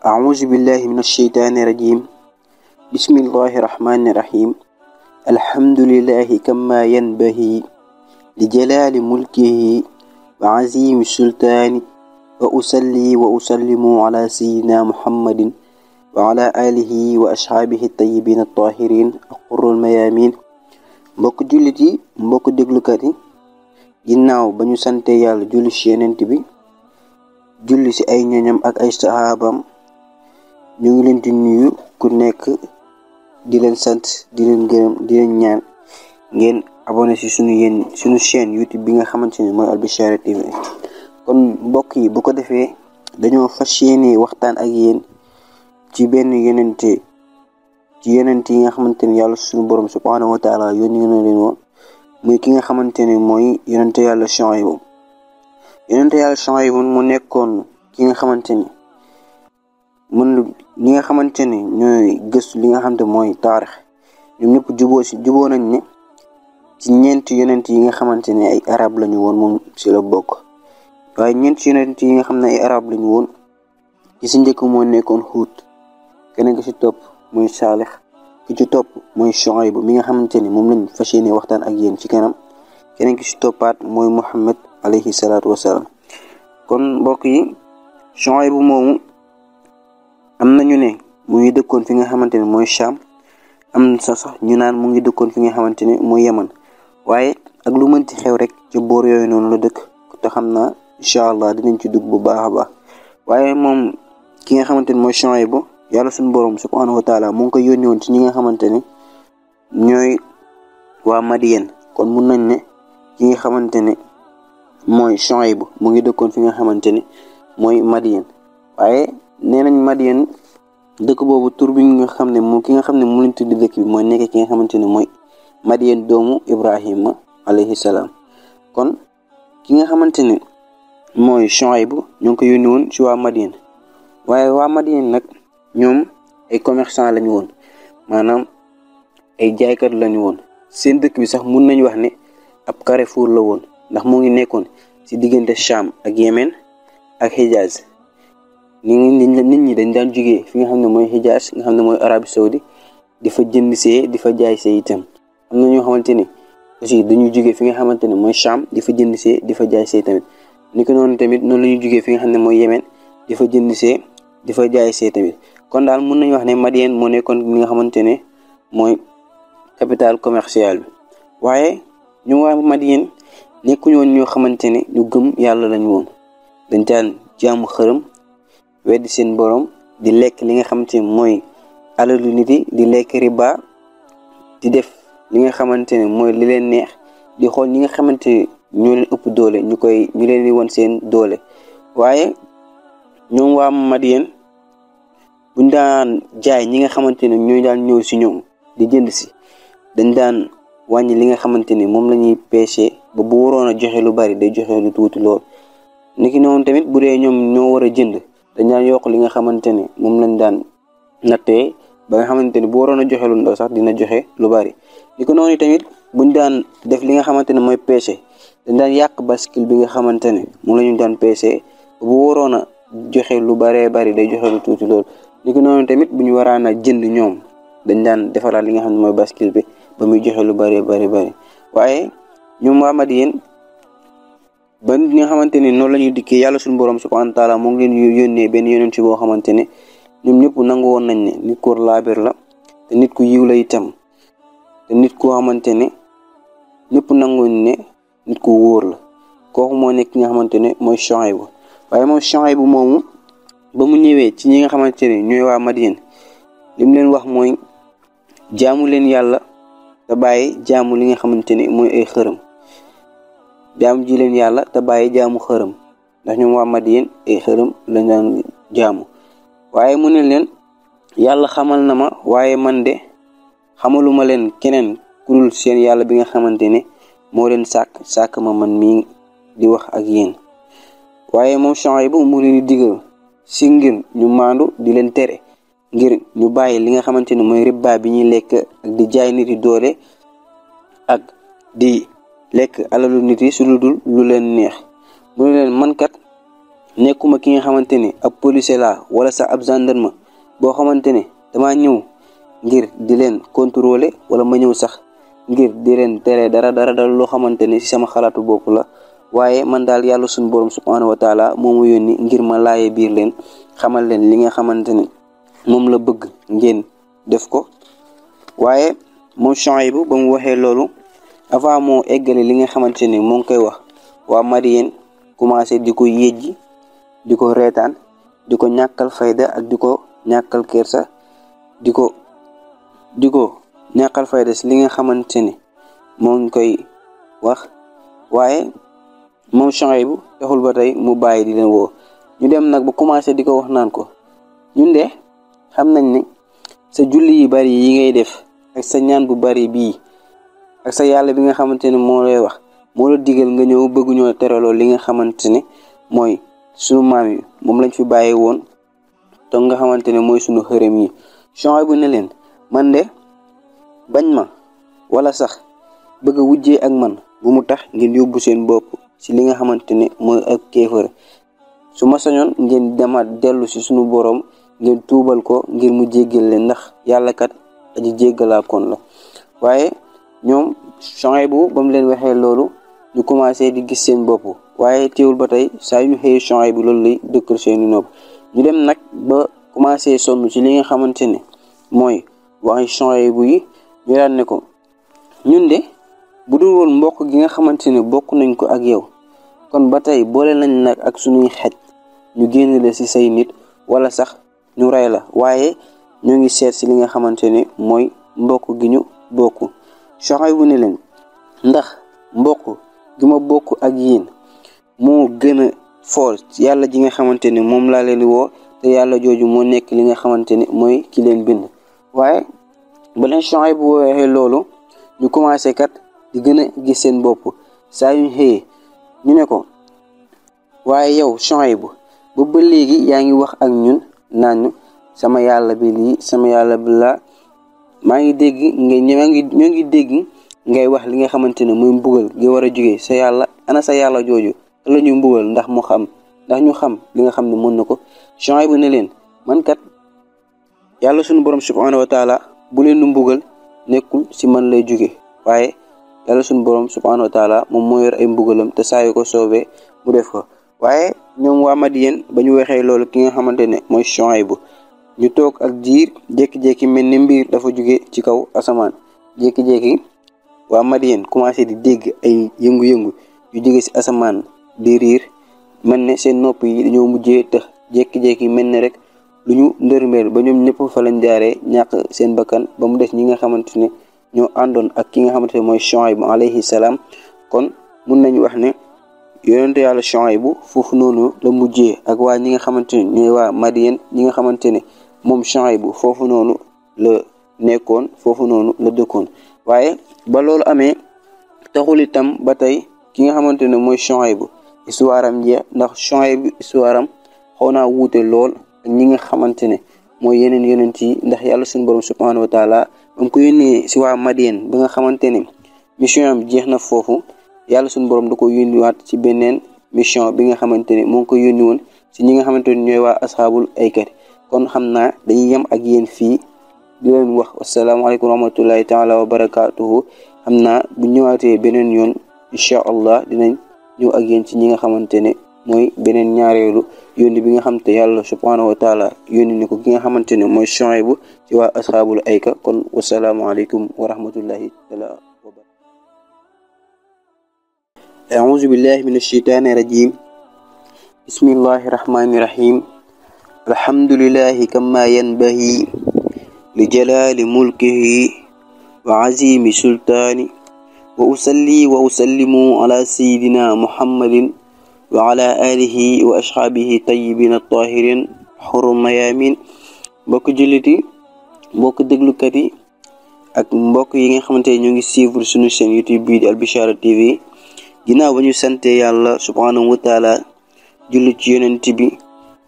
أعوذ بالله من الشيطان الرجيم بسم الله الرحمن الرحيم الحمد لله كما ينبغي لجلال ملكه وعظيم سلطانه وأصلي وأسلم على سيدنا محمد وعلى آله وأصحابه الطيبين الطاهرين أقر الميامين mbokk jullit yi mbokk déglukat yi ginnaaw ba ñu sante yàlla julli ci yenent bi julli ci ay ñoñam ak ay sahaabam ñu ngi leen di nuyu ku nekk di leen sant di leen gërëm di leen ñaan ngeen abone si suñu yéen suñu chaîne YouTube bi nga xamante ni mooy Albishara TV kon mbokk yi bu ko defee dañoo fas yéene waxtaan ak yéen ci benn yonente ci yonente yi nga xamante ni yàlla suñu borom subhanahu wa taala yónni na leen woon ki nga xamante ne mooy yonente yàlla Shuayb yonente yàlla mu nekkoon ki nga xamante ni mën ñi nga xamante ne ñooy gëstu li nga xamante mooy taarix ñoom ñëpp juboo si juboo nañ ne ci ñeent yonent yi nga xamante ne ay arab lañu woon moom si la bokk waaye ñeenti yonent yi nga xam ne ay arab lañu woon ci si njëkk moo nekkoon xuut keneen ki si topp mooy saalix ki ci topp mooy Shuayb mi nga xamante ne moom lañ fa yéene waxtaan ak yéen ci kanam keneen ki si toppaat mooy Muhammad alayhi salaatu wasalaam kon mbokk yi Shuayb moomu am na ñu ne mu ngi dëkkoon fi nga xamante ne mooy Cham am na sax ñu naan mu ngi dëkkoon fi nga xamante ne mooy Yaman waaye ak lu mënti xew rek ci boor yooyu noonu la dëkk te xam naa incha allah dinañ ci dugg bu baax a baax waaye moom ki nga xamante ne mooy Chouaïb yàlla suñu borom subhanahu wa taala mu ngi koy yónni woon ci nga xamante ne ñooy waa Madiyen kon mun nañ ne ki nga xamante ne mooy Chouaïb mu ngi dëkkoon fi nga xamante ne mooy Madiyen waaye nee nañ Madiane dëkk boobu tur bi nga xam ne moom ki nga xam ne mu lañ tuddi dëkk bi mooy nekk ki nga xamante ne mooy Madiane doomu Ibrahima alayhi salaam kon ki nga xamante ne mooy Shuayb ñoo ngi ko yónni woon ci waa Madiane waaye waa Madiane nag ñoom ay commerçant lañu woon maanaam ay jaaykat lañu woon seen dëkk bi sax mun nañ wax ne ab carrefour la woon ndax mu ngi nekkoon ci diggante Cham ak Yemen ak Hijaz li nit ñi dañ daan jugee fi nga xam ne mooy Hijaas nga xam ne mooy Arabie Saoudi di fa jënd see di fa jaay see itam am xamante ni aussi dañuy jugee fi nga xamante ne mooy Cham di fa jënd see di jaay see tamit ni ko noonu tamit noonu la ñuy jugee fi nga xam ne mooy Yemen di fa jënd see di fa jaay see tamit kon daal mun nañu wax ne Madiane moo nekkoon li nga xamante ne mooy capital commercial bi waaye ñu waa Madiane nekkuñu woon ñoo xamante ne ñu gëm yàlla lañu woon dañ daan jaamu xërëm weddi seen borom di lekk li nga xamante ne mooy alalu nit yi di lekk riba di def li nga xamante ne mooy li leen neex di xool ñi nga xamante ne ñoo leen ëpp doole ñu koy ñu leen di won seen doole waaye ñoom waa Madyan buñ daan jaay ñi nga xamante ne ñooy daan ñëw si ñoom di jënd si dañ daan wàññi li nga xamante ni moom la ñuy pêché ba bu waroon a joxe lu bari day joxe lu tuuti lool niki noonu tamit bu dee ñoom ñoo war a jënd dañ daan yokk li nga xamante ne moom lañ daan nattee ba nga xamante ni bu waroon a joxe lu ndaw sax dina joxe lu bari ni ko noonu tamit buñ daan def li nga xamante ne mooy peese dañ daan yàq bascule bi nga xamante ne moom la ñu daan peese bu waroon a joxe lu baree bari day joxe lu tuuti noonu tamit bu ñu waraan a jënd ñoom dañ daan defaraat li nga xam ne mooy bascule bi ba muy joxe lu baree bari bari waaye ñoom waa Madiène ba nit nga xamante ne noonu la ñuy dikkee yàlla suñu borom subhanahu wa taala moo ngi leen yónnee benn yonent boo xamante ne ñoom ñëpp nangu woon nañ ne nit ku laabir la te nit ku yiw la itam nit ku xamante ne ñëpp nanguñ ne nit ku wóor la kooku moo nekk nga xamante ne mooy Shuayb waaye moom Shuayb bu moomu ba mu ñëwee ci ñi nga xamante ne ñooy waa Madyan li mu leen wax mooy jaamu leen yàlla te bàyyi jaamu li nga xamante ne mooy ay xërëm jaamu ji leen yàlla te bàyyi jaamu xërëm ndax ñoom waa Madiyen ay xërëm lañ daan jaamu waaye mu ne leen yàlla xamal na ma waaye man de xamaluma leen keneen ku dul seen yàlla bi nga xamante ne moo leen sàkk sàkk ma man mii di wax ak yéen waaye moom Shuayb bu mu leen di digal si ngir ñu maandu di leen tere ngir ñu bàyyi li nga xamante ne mooy riba bi ñuy lekk ak di jaay nit yi doole ak di lekk alalu nit yi su lu dul lu leen neex mu ne leen mankat nekkuma ki nga xamante ne ab policier la wala sax ab gendarme boo xamante ne damaa ñëw ngir di leen contrôler wala ma ñëw sax ngir di leen tere dara dara dara loo xamante ne sama xalaatu bopp la waaye man daal yàlla suñu borom subhanahu wa taala moo ma ngir ma laaye biir leen xamal leen li nga xamante ne moom la bëgg ngeen def ko waaye moom Chouaïbou ba mu waxee loolu avant moo eggale li nga xamante ni mu ngi koy wax waa Marien commencé di ko yéjji di ko reetaan di ko ñàkkal fayda ak di ko ñàkkal kersa di ko di ko ñàkkal fayda si li nga xamante ni moo ngi koy wax waaye moom Chouaïb bu taxul ba tey mu bàyyi di leen woo ñu dem nag ba commencé di ko wax naan ko ñun de xam nañ ni sa julli yi bari yi ngay def ak sa ñaan bu bari bii ak sa yàlla bi nga xamante ne moo lay wax moo la digal nga ñëw bëgguñoo teraloo li nga xamante ne mooy sunu yi moom lañ fi bàyyee woon te nga xamante ne mooy sunu xërëm yi chong bu ne leen man de bañ ma wala sax bëgg a ak man bu mu tax ngeen yóbbu seen bopp ci li nga xamante ne mooy ak kéefër su ma sañoon ngeen demaat dellu si sunu boroom ngeen tuubal ko ngir mu jéggal leen ndax yàlla kat aji jéggalaakoon la waaye ñoom Chouaïbou ba mu leen waxee loolu ñu commencé di gis seen bopp waaye teewul ba tey saa yu ñu xëyee Chouaïbou loolu lay dëkkal seeni nopp ñu dem nag ba commencé sonn ci li nga xamante ne mooy waxi Chouaïbou yi ñu daan ne ko ñun de bu dul woon mbokk gi nga xamante ne bokk nañ ko ak yow kon ba tey boole nañ nag ak suñuy xaj ñu génn la ci say nit wala sax ñu rey la waaye ñoo ngi seet ci li nga xamante ne mooy mbokk gi ñu bokk Souhaïbou ne leen ndax mbokk gi bokk ak yéen moo gën a foor yàlla ji nga xamante ni moom laa leen woo te yàlla jooju moo nekk li nga xamante ni mooy ki leen bind waaye ba leen Souhaïbou waxee loolu ñu commencé kat di gën a gis seen bopp saa yu ñu xëyee ñu ne ko waaye yow Souhaïbou ba ba léegi yaa ngi wax ak ñun naan sama yàlla bi lii sama yàlla bi laa maa ngi dégg ngay ñoo ngi ñoo ngi dégg ngay wax li nga xamante ne muy mbugal gi war a jóge sa yàlla ana sa yàlla jooju la ñuy mbugal ndax mu xam ndax ñu xam li nga xam ne mën na ko Shuayb ne leen man kat yàlla suñu borom subhanahu wa bu leen nu nekkul si man lay jóge waaye yàlla suñu borom subhanahu wa moom moo yor ay mbugalam te saa yu ko soobee mu def ko waaye ñoom waa Madiyen ba ñu weexee loolu ki nga xamante ne mooy Shuayb bu ñu toog ak diir jékki-jékki mel ni mbir dafa jóge ci kaw asamaan jékki-jékki waa Madiyen commencé di dégg ay yëngu-yëngu yu jóge ci asamaan di riir mel ne seen nopp yi dañoo mujjee tëx jékki-jékki mel ne rek lu ñu ndërmeel ba ñoom ñëpp fa lañ jaaree ñàkk seen bakkan ba mu des ñi nga xamante ne ñoo àndoon ak ki nga xamante ne mooy Shuayb alayhi salaam kon mun nañu wax ne yonent yàlla Shuayb bu foofu noonu la mujjee ak waa ñi nga xamante ne ñooy waa ñi nga xamante ne moom Chouaïb foofu noonu la nekkoon foofu noonu la dëkkoon waaye ba loolu amee taxul itam ba tey ki nga xamante ne mooy Chouaïb histoire am jeex ndax Chouaïb histoire am xaw wuute lool ñi nga xamante ne mooy yeneen yonent yi ndax yàlla suñu borom subhanahu wa taala am ko yónnee si waa Madiyen ba nga xamante ne mission am jeex na foofu yàlla suñu borom da ko yónniwaat ci beneen mission bi nga xamante ne moo ngi ko yónni si ñi nga xamante ne ñooy waa asxaabul aykat kon xam naa dañuy yem ak yéen fii di leen wax asalaamaaleykum wa rahmatullahi wa barakaatuhu xam naa bu ñëwaatee beneen yoon incha allah dinañ ñëw ci ñi nga xamante ne mooy beneen ñaareelu yónni bi nga xam te yàlla subhaanahu wa taala yónni ni ko ki nga xamante ne mooy Shuayb bu ci waa asxaabul ayka kon wasalaamaaleykum wa rahmatullahi taala wa barakaatuhu auzu billahi min asheytaani rajim bismillahi rahmaani الحمد لله كما ينبغي لجلال ملكه وعظيم سلطانه وأصلي وأسلم على سيدنا محمد وعلى آله وأصحابه طيبين الطاهرين حرم يامين mbokk jullit yi mbokk déglukat yi ak mbokk yi nga xamante ne ñoo ngi suivre suñu chaîne YouTube bii TV ginnaaw ba ñu sante yàlla subhanahu wa taala jullit ci yonent bi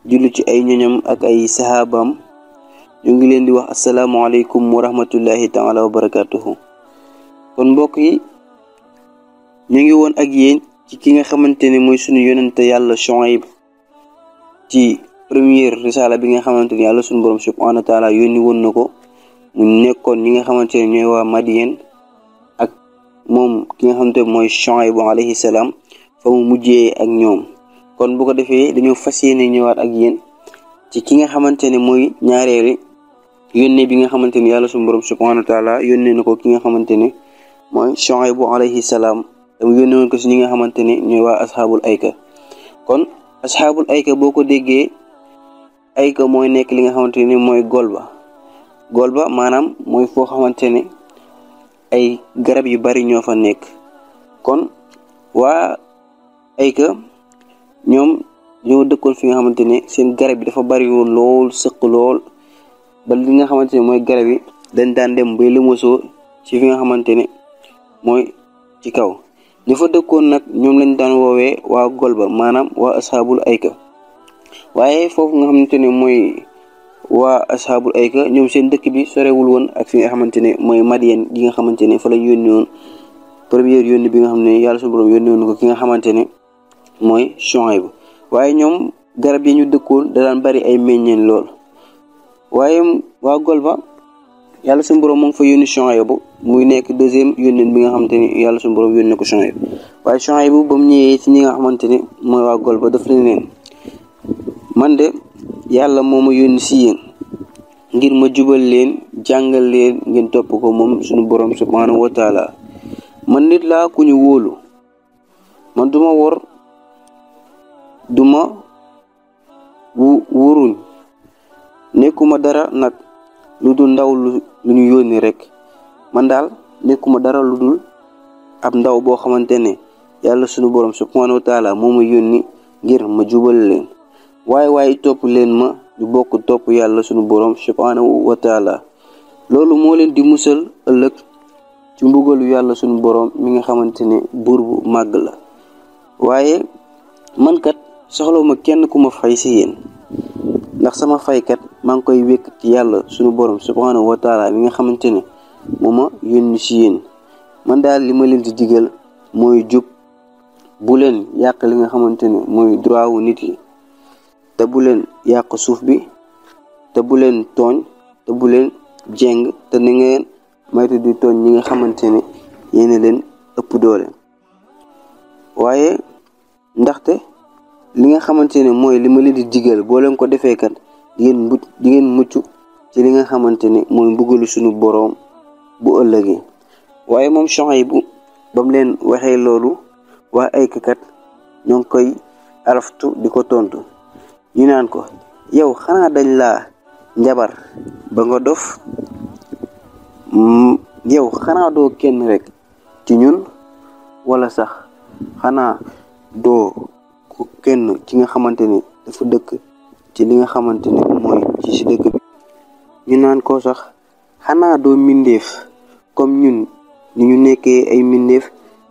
julli ci ay ñoñam ak ay saxaabaam ñu ngi leen di wax asalaamaaleykum wa rahmatullahi taala wa barakatuhu kon mbokk yi ñu ngi woon ak yéen ci ki nga xamante ne mooy suñu yonente yàlla Shuayb ci première risaala bi nga xamante ne yàlla suñu borom subhanahu wa taala yónni woon na ko mu nekkoon ñi nga xamante ne ñooy waa Madiyen ak moom ki nga xamante ne mooy Shuayb alayhi salaam fa mu mujjee ak ñoom kon bu ko defee dañoo fas yéene ñëwaat ak yéen ci ki nga xamante ne mooy ñaareelu yónnee bi nga xamante ni yàlla suñu borom subhanahu wa taala yónnee na ko ki nga xamante ne mooy Shuaybu alayhi salaam dama yónnee ko si ñi nga xamante ne ñooy waa asxaabul ayka kon asxaabul ayka boo ko déggee ayka mooy nekk li nga xamante ne mooy gol ba gol ba maanaam mooy foo xamante ne ay garab yu bari ñoo fa nekk kon waa ayka ñoom ñoo dëkkoon fi nga xamante ne seen garab bi dafa bari woon lool sëq lool ba li nga xamante ne mooy garab yi dañ daan dem bay lëmasoo ci fi nga xamante ne mooy ci kaw ñu fa dëkkoon nag ñoom lañ daan woowee waa golba maanaam waa asxaabul ayka waaye foofu nga xamante ne mooy waa asxaabul ayka ñoom seen dëkk bi sorewul woon ak fi nga xamante ne mooy Madiyen gi nga xamante ne fa lañ yónni woon première yónni bi nga xam ne yàlla suñu borom yónni ko ki nga xamante ne mooy Chouaïb waaye ñoom garab yi ñu dëkkoon da daan bari ay meññeen lool waaye waa gol ba yàlla suñu borom mu fa yónni Chouaïb bu muy nekk deuxième yónneen bi nga xamante ni yàlla suñu borom yónni ko Chouaïb waaye Chouaïb bu ba mu ñëwee ci ñi nga xamante ni mooy waa Golba daf leen neen man de yàlla moo ma yónni si yéen ngir ma jubal leen jàngal leen ngeen topp ko moom suñu borom subhanahu wa man nit laa ku ñu wóolu man duma wor duma wurul wuruñ nekkuma dara nag lu dul ndaw lu ñu yónni rek man daal nekkuma dara lu dul ab ndaw boo xamante ne yàlla sunu boroom subhanahu wa taala moo ma yónni ngir ma jubal leen waaye waaye topp leen ma ñu bokk topp yàlla sunu borom subhanahu wa loolu moo leen di musal ëllëg ci mbugalu yàlla sunu boroom mi nga xamante ne buur bu màgg la waaye man kat soxlawuma kenn ku ma fay si yéen ndax sama faykat maa ngi koy wékk ci yàlla sunu borom subhanahu wa taala mi nga xamante ne moo ma yónni si man daal li ma leen di digal mooy jub bu leen yàq li nga xamante ne mooy droit wu nit yi te bu leen yàq suuf bi te bu leen tooñ te bu leen jeng te ni ngeen maytu di tooñ ñi nga xamante ne yéen leen ëpp doole waaye ndaxte li nga xamante ne mooy li ma leen di digal boo leen ko defee kan di ngeen mucc ngeen mucc ci li nga xamante ne mooy mbugalu suñu boroom bu ëllëgee waaye moom Shuayb bu ba leen waxee loolu wax ay kat ñoo ngi koy araftu di ko tontu ñu naan ko yow xanaa dañ la njabar ba nga dof mm, yow xanaa doo kenn rek ci ñun wala sax xanaa doo ku kenn ci nga xamante ni dafa dëkk ci li nga xamante ni mooy ci si dëkk bi ñu naan ko sax xanaa doo mbindeef comme ñun ni ñu nekkee ay mbindéef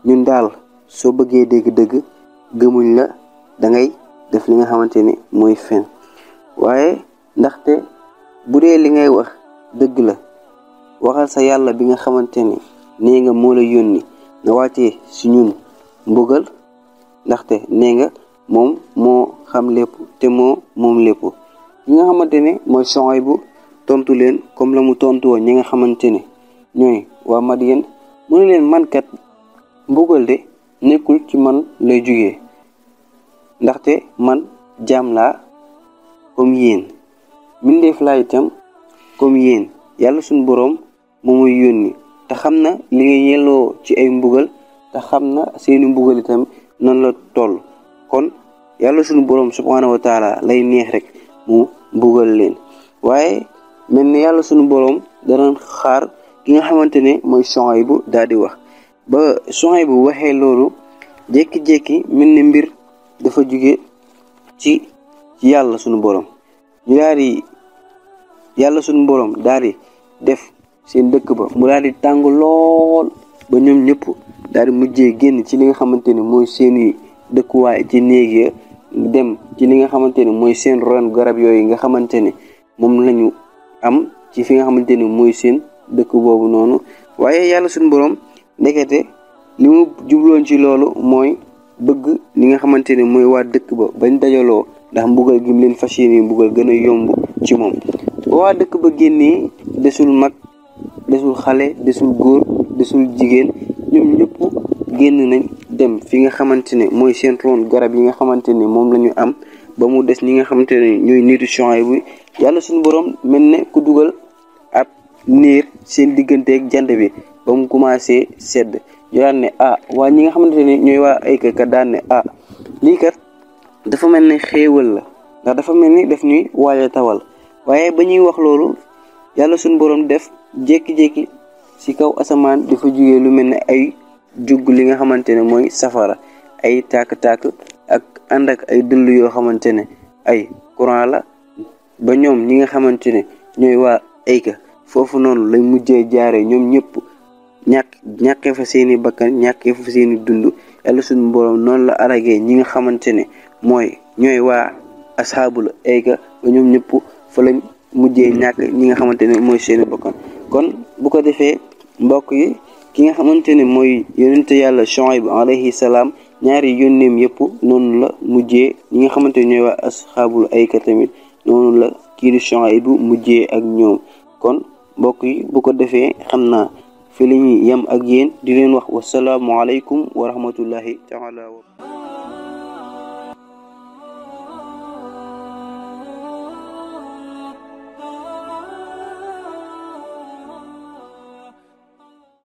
ñun daal soo bëggee dégg-dëgg gëmuñ la dangay def li nga xamante ni mooy fen waaye ndaxte bu dee li ngay wax dëgg la waxal sa yàlla bi nga xamante ni nee nga moo la yónni na wàccee si ñun mbugal ndaxte nee moom moo xam lépp te moo moom lépp ki nga xamante ne mooy songoy bu tontu leen comme la mu tontu woon ñi nga xamante ne ñooy waa Madiyan mu ne leen mankat mbugal de nekkul ci man lay jugee ndaxte man jaam laa comme yéen mbindeef laa itam comme yéen yàlla suñ borom moo muy yónni te xam na li nga yelloo ci ay mbugal te xam na seeni mbugal itam nan la toll kon yàlla suñu borom subhaanahu wa taala lay neex rek mu mbugal leen waaye mel na yàlla suñu borom dana xaar ki nga xamante ne mooy Suhaybu daal di wax ba Suhaybu waxee loolu jékki-jékki mel ni mbir dafa jóge ci ci yàlla suñu borom ñu yàlla suñu borom daal def seen dëkk ba mu daal di tàng ba ñoom ñëpp daal di génn ci li nga xamante ne mooy seeni dëkkuwaay ci néeg ya dem ci li nga xamante ne mooy seen ron garab yooyu nga xamante ne moom lañu am ci fi nga xamante ne mooy seen dëkk boobu noonu waaye yàlla sun borom ndekete li mu jubloon ci loolu mooy bëgg ni nga xamante ne mooy waa dëkk ba bañ dajaloo ndax mbugal gi mu leen fas yéene mbugal gën a yomb ci moom waa dëkk ba génnee desul mag desul xale desul góor desul jigéen ñoom ñëpp génn nañ dem fi nga xamante ne mooy seen ron garab yi nga xamante ne moom la ñu am ba mu des ñi nga xamante ne ñooy nitu yi bi yàlla suñu borom mel ne ku dugal ab niir seen digganteeg jant bi ba mu commencé sedd ñu daan ne ah waa ñi nga xamante ne ñooy waa ay ka daan ne ah lii kat dafa mel ne xéewal la ndax dafa mel ni daf ñuy waaja tawal waaye ba ñuy wax loolu yàlla suñu borom def jékki-jékki ci kaw asamaan dafa jugee lu mel ne ay. jugg li nga xamante ne mooy safara ay tàkk-tàkk ak ànd ak ay dëll yoo xamante ne ay courant la ba ñoom ñi nga xamante ne ñooy waa ayka foofu noonu lañ mujjee jaare ñoom ñëpp ñàkk ñàkkee seeni bakkan ñàkkee fa dund yàlla suñu noonu la aragee ñi nga xamante ne mooy ñooy waa asxaabul ayka ba ñoom ñëpp fa lañ mujjee ñàkk ñi nga xamante ne mooy seeni bakkan kon bu ko defee mbokk yi ki nga xamante ne mooy yonente yàlla Shuayb alayhi salaam ñaari yónneem yëpp noonu la mujjee ñi nga xamante ne ñooy waa asxaabul ayka tamit noonu la kii di Shuayb bu mujjee ak ñoom kon mbokk yi bu ko defee xam naa fi la ñuy yem ak yéen di leen wax wasalaamualeykum wa rahmatullahi taala wa